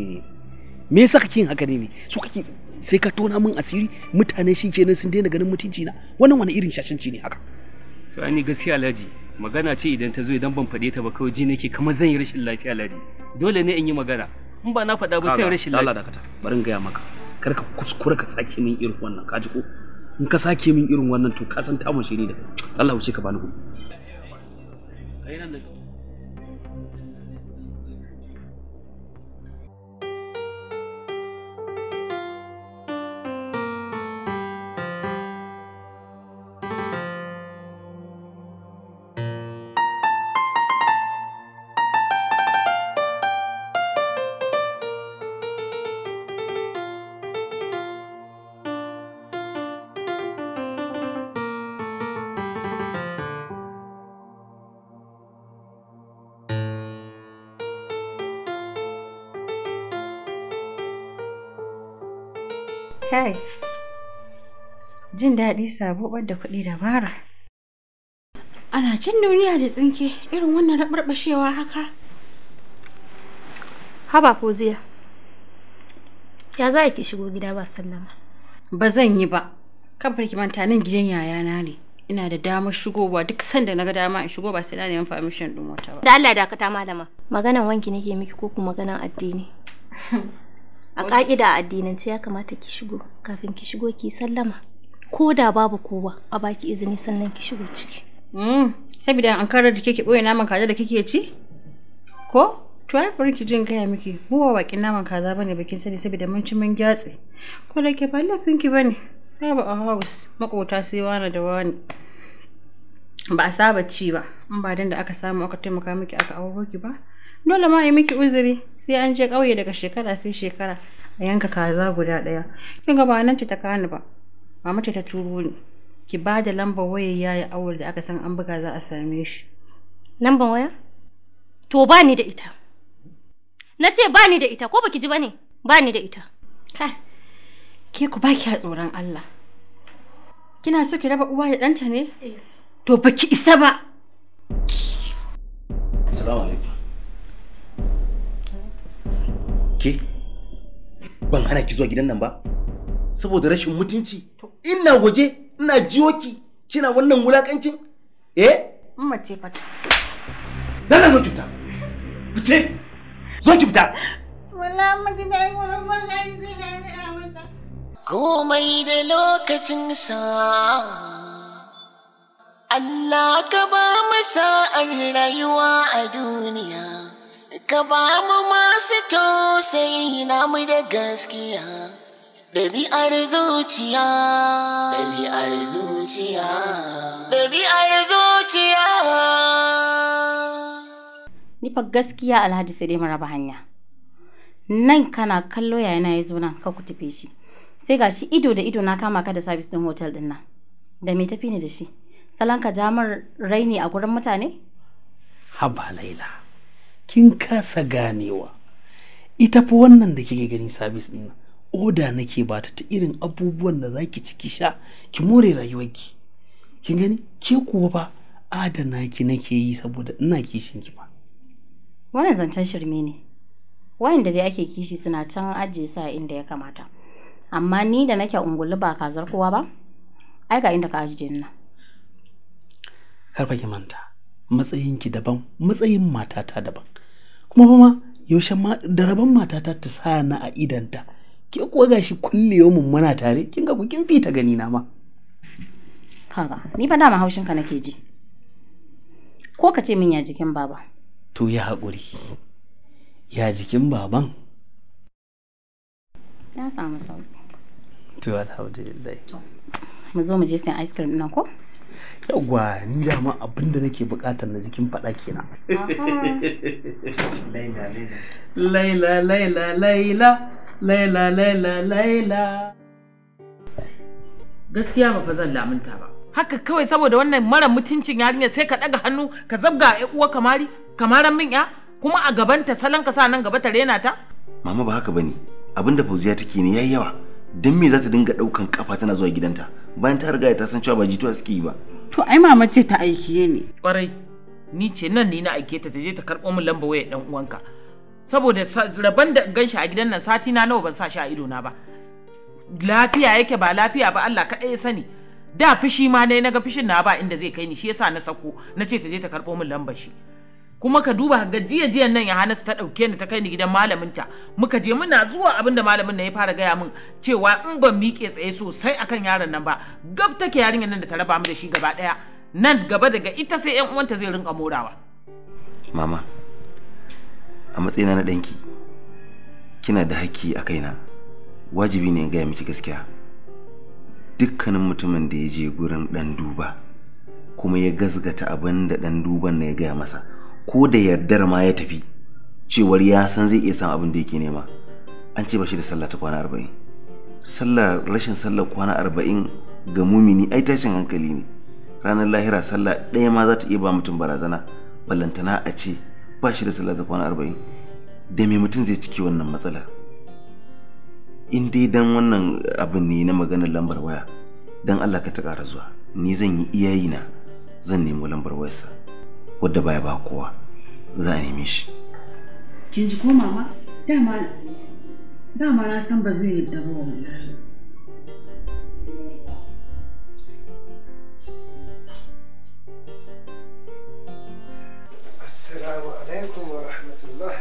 me yasa kake yin haka ne so kake sai ka tona min asiri mutane shi kenan sun daina ganin mutunci na wannan wani irin shashanci ne haka to ani gaskiya alhaji magana ce idan ta zo idan ban faɗe ta ba kawai ji nake kamar zan yi rashin lafiya alhaji dole ne in yi magana in ba na faɗa ba sai rashin lafiya Allah dakata bari in gaya maka kar ka kuskura ka sake min irin wannan ka ji ko in ka sake min irin wannan to ka san tamu shi ne da Allah wuce ka bani gudu kai nan jin daɗi sabo da kuɗi dabara ana cin duniya da tsinke irin wannan raɓarɓashewa haka haba ko ziya, ya za ki shigo gida ba sallama ba zan yi ba kan farki manta nan gidan yayana ne ina da damar shigowa duk sanda na ga dama in shigo ba sai na neman permission din wata ba da Allah dakata malama maganan wanki nake miki ko kuma maganan addini a ka'ida addinance ya kamata ki shigo kafin ki shigo ki sallama ko da babu kowa a baki izini sannan ki shigo ciki. Mm, saboda an karar da kike boye naman kaza da kike ci? Ko? To ai bari ki jin gaya miki, mu ba bakin naman kaza bane bakin sani saboda mun ci mun gyatse. Ko da ke ba ki bane. Babu a house makota sai wani da wani. Ba a saba ci ba, in ba dan da aka samu aka taimaka miki aka auro ki ba. Dole ma yi miki uzuri sai an je ƙauye daga shekara sai shekara a yanka kaza guda ɗaya. Kin ga ba nan ta kani ba. mama ce ta turo ni ki ba da lambar wayar yayi awul da aka san an buga za a same shi lambar waya to ba ni da ita na ce ba ni da ita ko baki ji ba ne ba ni da ita ka ke ku baki a tsoron Allah kina so ki raba uwa da danta ne eh. to baki isa ba assalamu alaikum ban hana ki zuwa gidan nan ba saboda rashin mutunci ina waje ina jiyoki kina wannan wulakancin eh mace fata dana zo fita fice zo ki fita wallahi mace da yi wallahi zai ga a mata komai da lokacin sa Allah ka ba mu sa'ar rayuwa a duniya, ka ba mu masu tausayi namu da gaskiya. Ɗabi'ar zuciya Ɗabi'ar zuciya Ɗabi'ar zuciya Ni fa gaskiya Alhaji sai dai mu raba hanya. Nan kana kallo yayana ya zo nan ka ku tafe shi. Sai gashi ido da ido na kama ka da sabis din hotel din nan. Da me tafi ni da shi? Salon ka ja min raini a gurin mutane? Haba Laila. Kin kasa ganewa. Ita fa wannan da kike gani sabis din nan. oda nake bata ta irin abubuwan da zaki ciki sha ki more rayuwarki kin gani ke kuwa ba adana ki nake yi saboda ina kishin ki ba wannan zancen shirme ne wayanda dai ake kishi suna can ajiye sa inda ya kamata amma ni da nake ungulu ba kazar kowa ba ai ga inda ka ajiye ni karfa ki manta matsayin ki daban matsayin matata daban kuma ma yaushe da rabon matata ta sa na a idanta ke kuwa shi kullewa mun muna tare kin ga kin fi ta gani na ma kaga ni fa dama haushin ka nake ji ko ka ce min ya jikin baba to ya haƙuri ya jikin baban ya samu sauki to alhamdulillah to mu zo mu je sayan ice cream nan ko yawwa ni dama abin da nake bukatar na jikin faɗa kenan laila laila laila laila laila laila laila gaskiya ba fa zan lamunta ba haka kawai saboda wannan mara mutuncin yarinya sai ka daga hannu ka zabga ya uwa kamari kamaran min ya kuma a gaban ta salon ka sa nan gaba ta rena ta mama ba haka bane abinda fauziya take ne yayi yawa dan me za ta dinga daukan kafa tana zuwa gidanta bayan ta riga ta san cewa ba jituwa suke yi ba to ai mama ce ta aike ne kwarai ni ce nan ni na aike ta ta je ta karbo min lamba waya dan uwanka saboda rabon da gan shi a gidan nan sati na nawa ban sa shi a ido na ba lafiya yake ba lafiya ba Allah kaɗai ya sani da fushi ma ne naga fushin na ba inda zai kai ni shi yasa na sako na ce ta je ta karbo min lambar shi kuma ka duba ga jiya jiyan nan hanasu ta ɗauke ni ta kai ni gidan ta muka je muna zuwa abin da malamin na ya fara gaya min cewa in ban miƙe tsaye sosai akan yaron nan ba gab take yarinyar nan da ta raba mu da shi gaba ɗaya nan gaba daga ita sai 'yan uwanta zai rinka morawa mama a matsayina na ɗanki kina da haƙƙi a kaina wajibi ne in gaya miki gaskiya dukkanin mutumin da ya je gurin ɗan duba kuma ya gasgata abin da ɗan duban na ya gaya masa ko da yardar ma ya tafi cewar ya san zai iya san abin da yake nema an ce ba shi da sallah ta kwana arba'in sallah rashin sallah kwana arba'in ga mumini ai tashin hankali ne ranar lahira sallah ɗaya ma za ta iya ba mutum barazana ballantana a ce ba shi da sallah da kwana arba'in da me mutum zai ciki wannan matsala in dai dan wannan abin ne na maganar lambar waya dan Allah ka ta ƙara zuwa ni zan yi na zan nemo lambar wayarsa wadda baya ba kowa za a neme shi kin ji ko mama dama dama na san ba zai yadda ba wallahi السلام عليكم ورحمة الله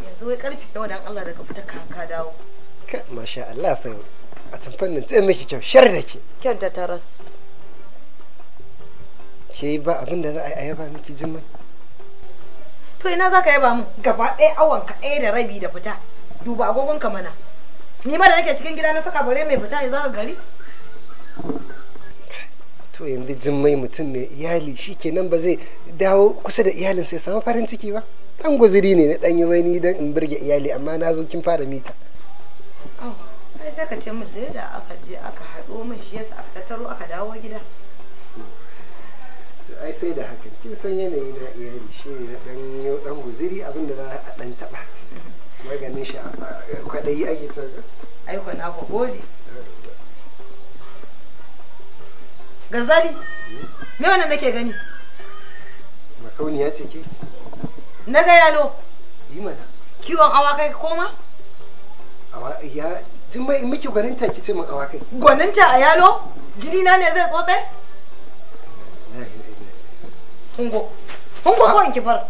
yanzu wai karfe yau dan Allah daga fita ka ka dawo a tamfan nan tsaye miki kyau shar da ke kyau ta ba abin da za a yi a miki jimai to ina za ka yaba mu gaba ɗaya awon ka ɗaya da rabi da fita duba agogon ka mana ni ma da nake cikin gida na saka bare mai fita ya zaga gari to yanzu mai mutum mai iyali shi shikenan ba zai dawo kusa da iyalin sai samu farin ciki ba dan guziri ne na dan yi wani dan in burge iyali amma na zo kin fara mita ai sai ka ce mun da aka je aka haɗo mun shi yasa aka tattaro aka dawo gida ai sai da hakan kin san yanayi na iyali shi ne na dan yau dan guziri abin da za a dan taba maganin shi yi ake tsaka ai ko na ko gode eh. gazali me wannan nake gani makauniya ce ke na ga yalo yi mana kiwon awakai koma awa ya jin mai miki gwaninta ki ce min awakai gwaninta a yalo jini na ne zai tsotsai Hungo. Hungo kawai ki far.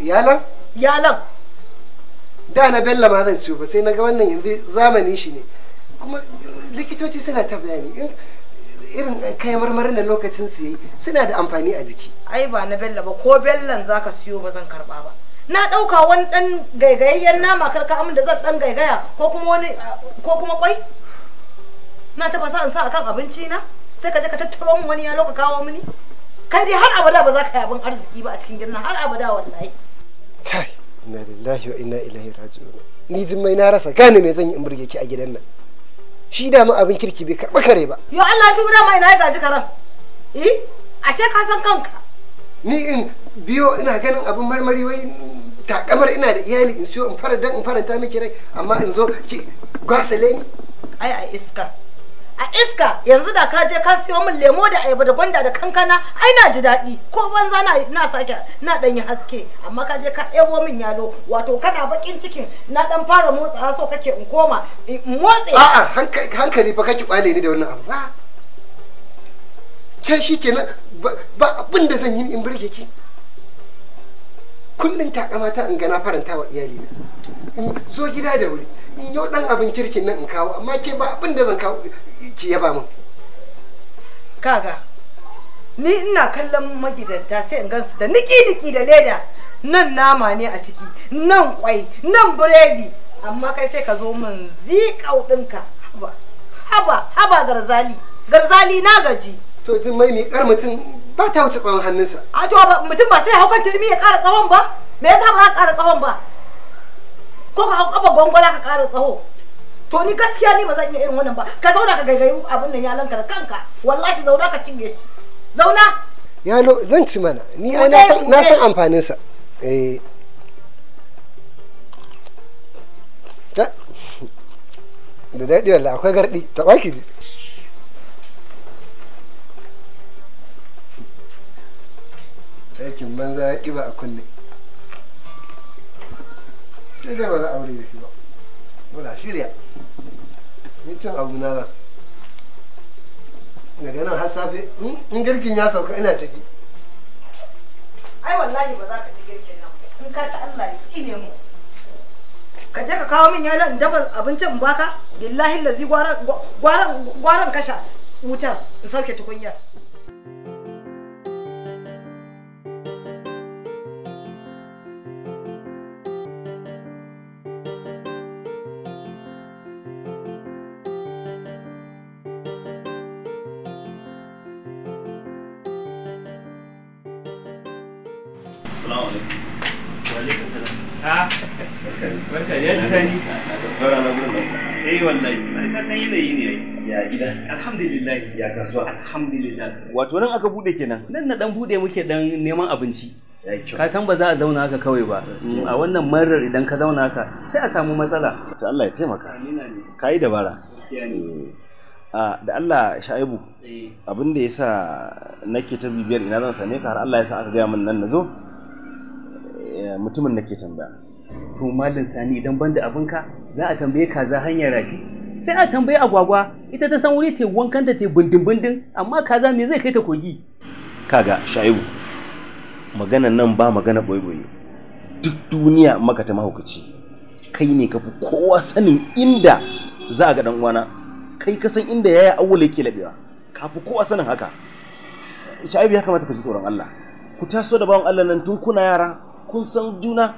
Yalan? Yalan. Da na bella ma zan siyo ba sai na ga wannan yanzu zamani shi ne. Kuma likitoci suna ta bayani in irin kai marmarin da lokacin su yi suna da amfani a jiki. Ai ba na bella ba ko bellan zaka siyo ba zan karba ba. na ɗauka wani ɗan gaigayayyen nama karka amin da zan ɗan gaigaya ko kuma wani ko kuma kwai na tafasa in sa akan abinci na sai ka je ka tattaro min wani ya loka kawo mini kai dai har abada ba za ka yi abin arziki ba a cikin gidan har abada wallahi kai inna lillahi wa inna ilaihi raji'un ni zimmai na rasa gane me zan yi in burge ki a gidan nan shi da mu abin kirki bai karba kare ba yo Allah tubu da mai na gaji karan eh ashe ka san kanka ni in biyo ina ganin abin marmari wai takamar ina da iyali in siyo in fara dan in faranta miki rai amma in zo ki gwasale ni ai a iska a iska yanzu da ka je ka siyo min lemo da ayaba da gwanda da kankana ai na ji daɗi ko banza na na sake na dan yi haske amma ka je ka ebo min yalo wato kana bakin cikin na dan fara motsa so kake in koma in motse a'a hankali fa kake kwale ni da wannan abu ke shi ke na ba abin da zan yi in burge ki kullum kamata in gana faranta wa iyalina in zo gida da wuri in yau dan abin kirkin nan in kawo amma ke ba abin da zan kawo ki yaba min kaga ni ina kallon magidanta sai in gansu da niki-niki da leda nan nama ne a ciki nan kwai nan biredi amma kai sai ka zo min zikau ɗinka haba haba haba garzali garzali na gaji to jin mai mai kar mutum ba ta wuce tsawon hannunsa a to mutum ba sai haukan turmi ya ƙara tsawon ba me yasa ba ka ƙara tsawon ba ko ka hau kafa gwangwala ka ƙara tsawo to ni gaskiya ni ba zan iya irin wannan ba ka zauna ka gaigayi abin nan lanka da kanka wallahi zauna ka cinye shi zauna yalo zan ci mana ni ai na san amfanin sa eh da daɗi wallahi akwai garɗi ta baki ji aikin banza ya ƙiba a kunne sai dai ba za a wuri da shi ba shirya ni cin abu na nan daga nan har safe in girkin ya sauka ina ciki ai wallahi ba za ka ci girkin nan ba in ka ci Allah ya tsine mu ka je ka kawo min yalo in dafa abincin in baka billahi lazi gwaran gwaran kasha wutar in sauke tukunyar Eh, wato nan aka bude kenan nan na dan bude muke dan neman abinci ka san ba za a zauna haka kawai ba a wannan marar idan ka zauna haka sai a samu matsala to Allah ya taimaka ka yi dabara eh, a da Allah sha'ibu eh. abin da yasa nake ta bibiyar ina zan same ka har Allah ya sa aka gaya min nan na zo Eh, mutumin nake tambaya to malin sani idan ban da abinka za a tambaye kaza hanyar rafi sai a tambaye agwagwa ita ta san wuri ta wankan ta ta bindin bindin amma kaza me zai kai ta kogi kaga shaibu maganan nan ba magana boye duk duniya maka ta mahaukaci kai ne ka fi kowa sanin inda za a ga dan uwana kai ka san inda yaya awwal yake labewa ka fi kowa sanin haka shaibu ya kamata ka ji tsoron Allah ku taso da bawan Allah nan tun kuna yara kun san juna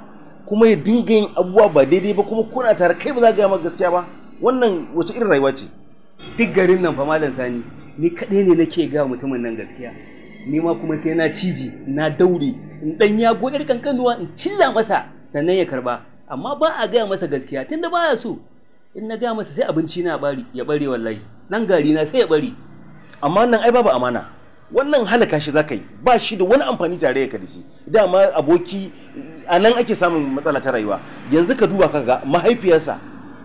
kuma ya dinga yin abubuwa ba daidai ba kuma kuna tare kai ba za ga maka gaskiya ba wannan wace irin rayuwa ce duk garin nan fa malam sani ni kadai ne nake ga mutumin nan gaskiya ni ma kuma sai na ciji na daure in dan ya go ir kankanuwa in cilla masa sannan ya karba amma ba a gaya masa gaskiya tunda baya so in na gaya masa sai abinci na bari ya bare wallahi nan gari na sai ya bari amma nan ai babu amana wannan halaka shi zaka yi ba shi da wani amfani tare ka da shi dama aboki a nan ake samun matsala ta rayuwa yanzu ka duba kaga mahaifiyarsa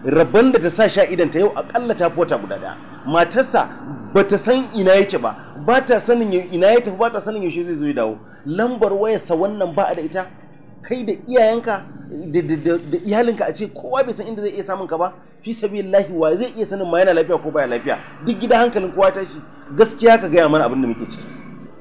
rabban da ta sa sha idan ta yau akalla ta fota guda daya matarsa ba ta san ina yake ba ba ta sanin ina ya tafi ba ta sanin yaushe zai zo ya dawo lambar wayarsa wannan ba a da ita kai da iyayenka da iyalinka a ce kowa bai san inda zai iya samun ka ba fi lahi wa zai iya sanin ma yana lafiya ko baya lafiya duk gida hankalin kowa shi gaskiya ka gaya mana abin da muke ciki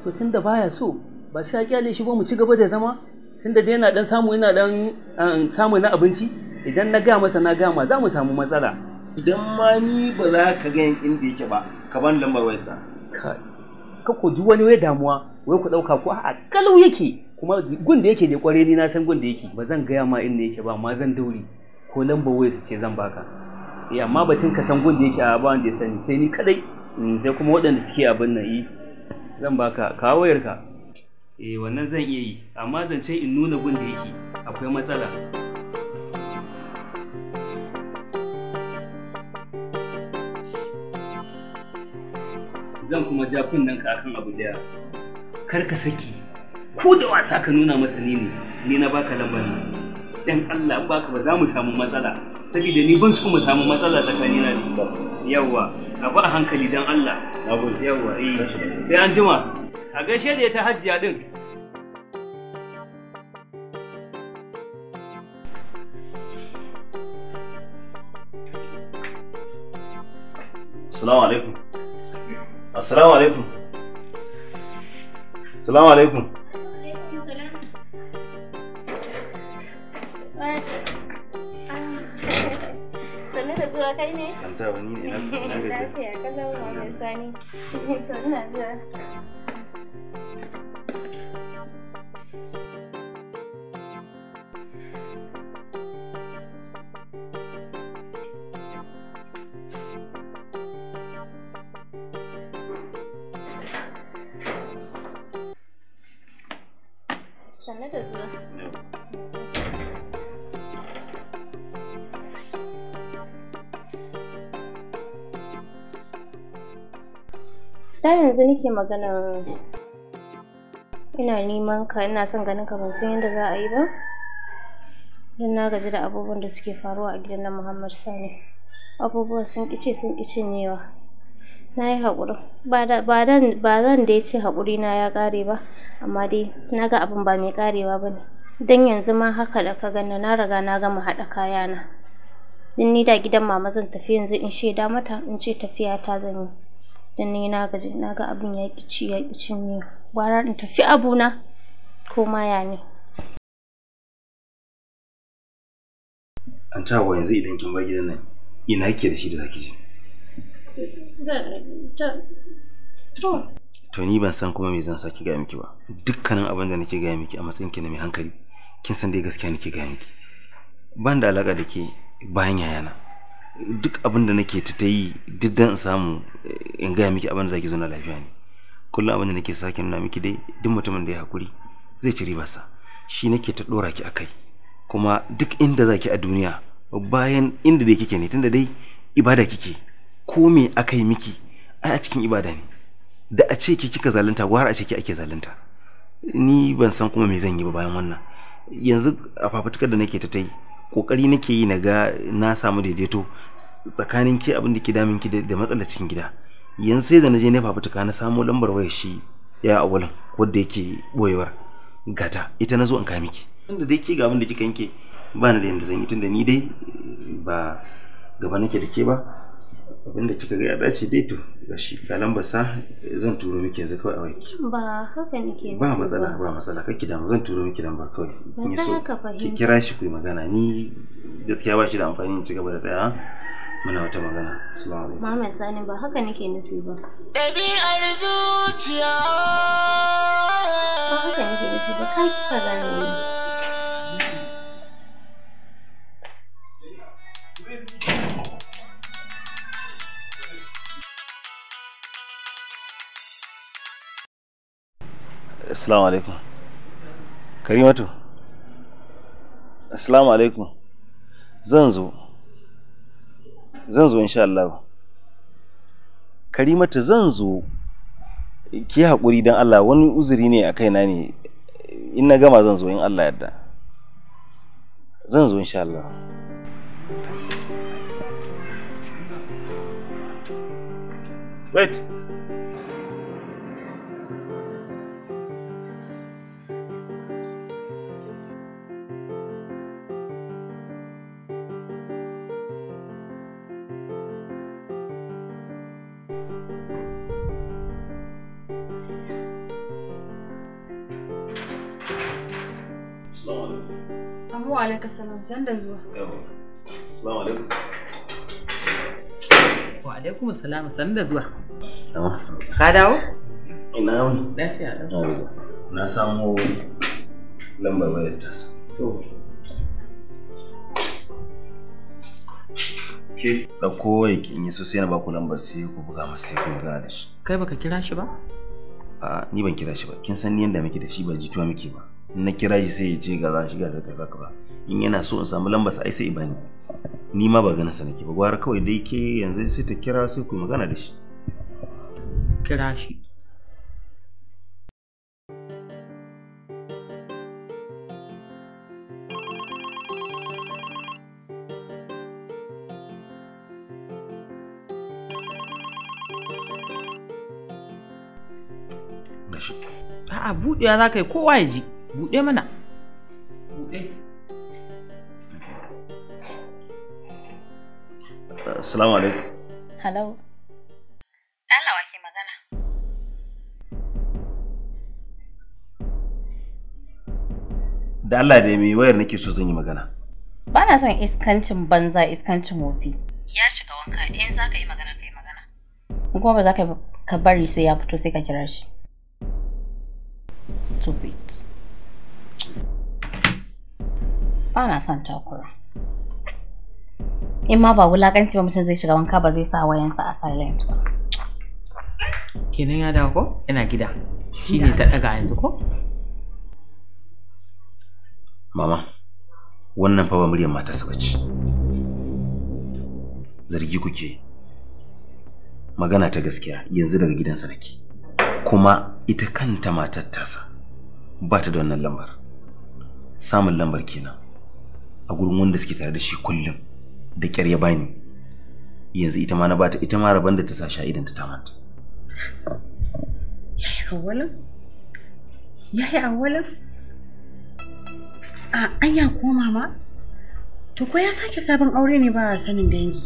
to tunda baya so ba sai a kyale shi ba mu ci gaba da zama tunda dai yana dan samu yana dan eh, samu na abinci idan na gaya masa na gama za mu samu matsala idan ma ni ba za ka ga inda yake ba ka ban lambar wayarsa ka ko duk wani wai damuwa wai ku dauka ko a kalau yake kuma gun da yake da kware ni na san gun da yake ba zan gaya ma inda yake ba amma zan dauri ko lamba waya su ce zan baka eh amma batun ka san gun da yake a ba wanda ya sani sai ni kadai mm, sai kuma waɗanda suke abin nan yi eh, zan baka kawo wayarka eh wannan zan iya yi amma zan ce in nuna gun da yake akwai matsala zan kuma ja nan ka akan abu daya kar ka saki ko da wasa ka nuna masa ni ne ni na baka lambar nan dan Allah ba baka ba za mu samu matsala saboda ni ban so mu samu matsala tsakani na yawa a ba hankali dan Allah yawa eh sai an jima a gaishe da ta hajjiya din Assalamu alaikum. Assalamu alaikum. Assalamu alaikum. 저 가이네. 남자 언니 이나 남자야. 가서 오늘 사니. 저는 남자. Send it as well. da yanzu nake magana ina neman ka ina son ganin ka ban san yadda za a yi ba don na gaji da abubuwan da suke faruwa a gidan nan Muhammad Sani abubuwa sun ƙice sun ƙi cinyewa na yi haƙuri ba zan da ya ce haƙuri na ya ƙare ba amma dai na ga abin ba mai ƙarewa ba ne don yanzu ma haka da ka gani na riga na gama haɗa kayana in ni da gidan mama zan tafi yanzu in shaida mata in ce tafiya ta zan yi dan ni na gaji na ga abin ya ƙi ci ya gwara in tafi abuna ko ma ya ne an wa yanzu idan kin bar gidan nan ina kike da shi da zaki je to ni ban san kuma me zan saki gaya miki ba dukkanin abin da nake gaya miki a matsayin ki na mai hankali kin san dai gaskiya nake gaya miki ban da alaka da ke bayan yayana duk abin da nake ta ta yi duk don in samu eh, in gaya miki abin da zaki zauna lafiya ne kullum abin da nake sake nuna miki dai duk mutumin da ya hakuri zai ci ribarsa shi nake ta dora ki kai kuma duk inda zaki a duniya bayan inda dai kike ne tunda dai ibada kike ko me aka yi miki ai a cikin ibada ne da a ce ki kika zalunta gwara a ce ki ake zalunta ni ban san kuma me zan yi ba bayan wannan yanzu a fafutukar da nake ta ta yi kokari nake yi na ga na samu daidaito tsakanin ke abin da ke damin ki da matsalar cikin gida yanzu sai da na je na fafutuka na samo lambar wayar shi ya awalin wadda yake boyewar gata ita na zo an miki tunda dai ke ga abin da kika yanke ba ni da yanda zan yi tunda ni dai ba gaba nake da ke ba abinda kika ga ya dace dai to gashi ga lambar sa zan turo miki yanzu kawai a waki ba haka nake ba matsala ba matsala kake da zan turo miki lambar kawai ban san haka fahimta ki kira shi ku magana ni gaskiya ba shi da amfani ci gaba da tsaya muna wata magana assalamu alaikum mama sani ba haka nake nufi ba ɗabi'ar zuciya ba haka nake nufi ba kai ka gane ni assalamu alaikum karimatu assalamu alaikum zan zo zan zo insha Allah karimatu zan zo ki haƙuri don Allah wani uzuri ne a kaina ne in na gama zan zo in Allah yadda zan zo insha Allah wait salam da zuwa. Assalamu alaikum. Wa alaikum salam san da zuwa. Ka dawo? Ina wani. Lafiya lau. Na samu lambar wayar tasa. To. Ke ɗauko ya yi so sai na baku lambar sai ku buga masa sai ku magana da shi. Kai baka kira shi ba? A'a ni ban kira shi ba. Kin san ni yanda muke da shi ba jituwa muke ba. na kira shi sai ya je ga za shi ga kaza kaza in yana so in samu lambar ai sai bani ni ma ba gana sa nake ba gwara kawai dai ke yanzu sai ta kira sai ku magana da shi kira shi A'a buɗewa za ka yi kowa ya ji, buɗe mana. Assalamu alaikum. Hello. Dalawa ke magana. Da Allah da me wayar nake so zan yi magana. Ba na son iskancin banza iskancin wofi. Ya shiga wanka in eh, za ka yi magana ka yi magana. Kuma ba za ka bari sai ya fito sai ka kira shi. Stupid. Ba na son takura. in ma ba wulakanci ba mutum zai shiga wanka ba zai sa wayansa a silent ba kenan ya dawo ko yana gida shi ne ta daga yanzu ko mama wannan fa ba muryar matarsa bace zargi kuke magana ta gaskiya yanzu daga gidansa nake kuma ita kanta matar tasa ba ta da wannan lambar samun lambar kenan a gurin wanda suke tare da shi kullum da ƙyar ya bani yanzu ita ma na bata ita ma rabon da ta sa sha'idan ta ta manta yaya awwalan yaya awwalan a anya ko mama to ko ya sake sabon aure ne ba sanin dangi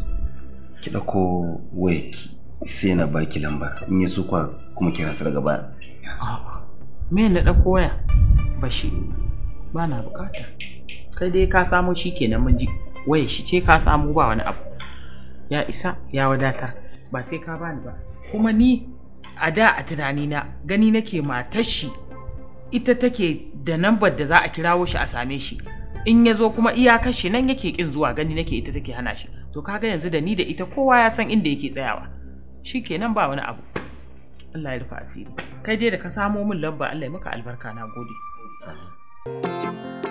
ki ɗauko ki sai na baki lambar in ya so kwa kuma kira su daga baya me na ɗauko waya ba shi ba na bukata kai dai ka samo shi kenan mun ji wai shi ce ka samu ba wani abu ya isa ya wadatar ba sai ka bani ba kuma ni a da a tunani na gani nake matar shi ita take da nambar da za a kirawo shi a same shi in ya zo kuma iyakar shi nan yake kin zuwa gani nake ita take hana shi to kaga yanzu da ni da ita kowa ya san inda yake tsayawa shi nan ba wani abu Allah ya rufe asiri kai dai da ka samo min lamba Allah ya maka albarka na gode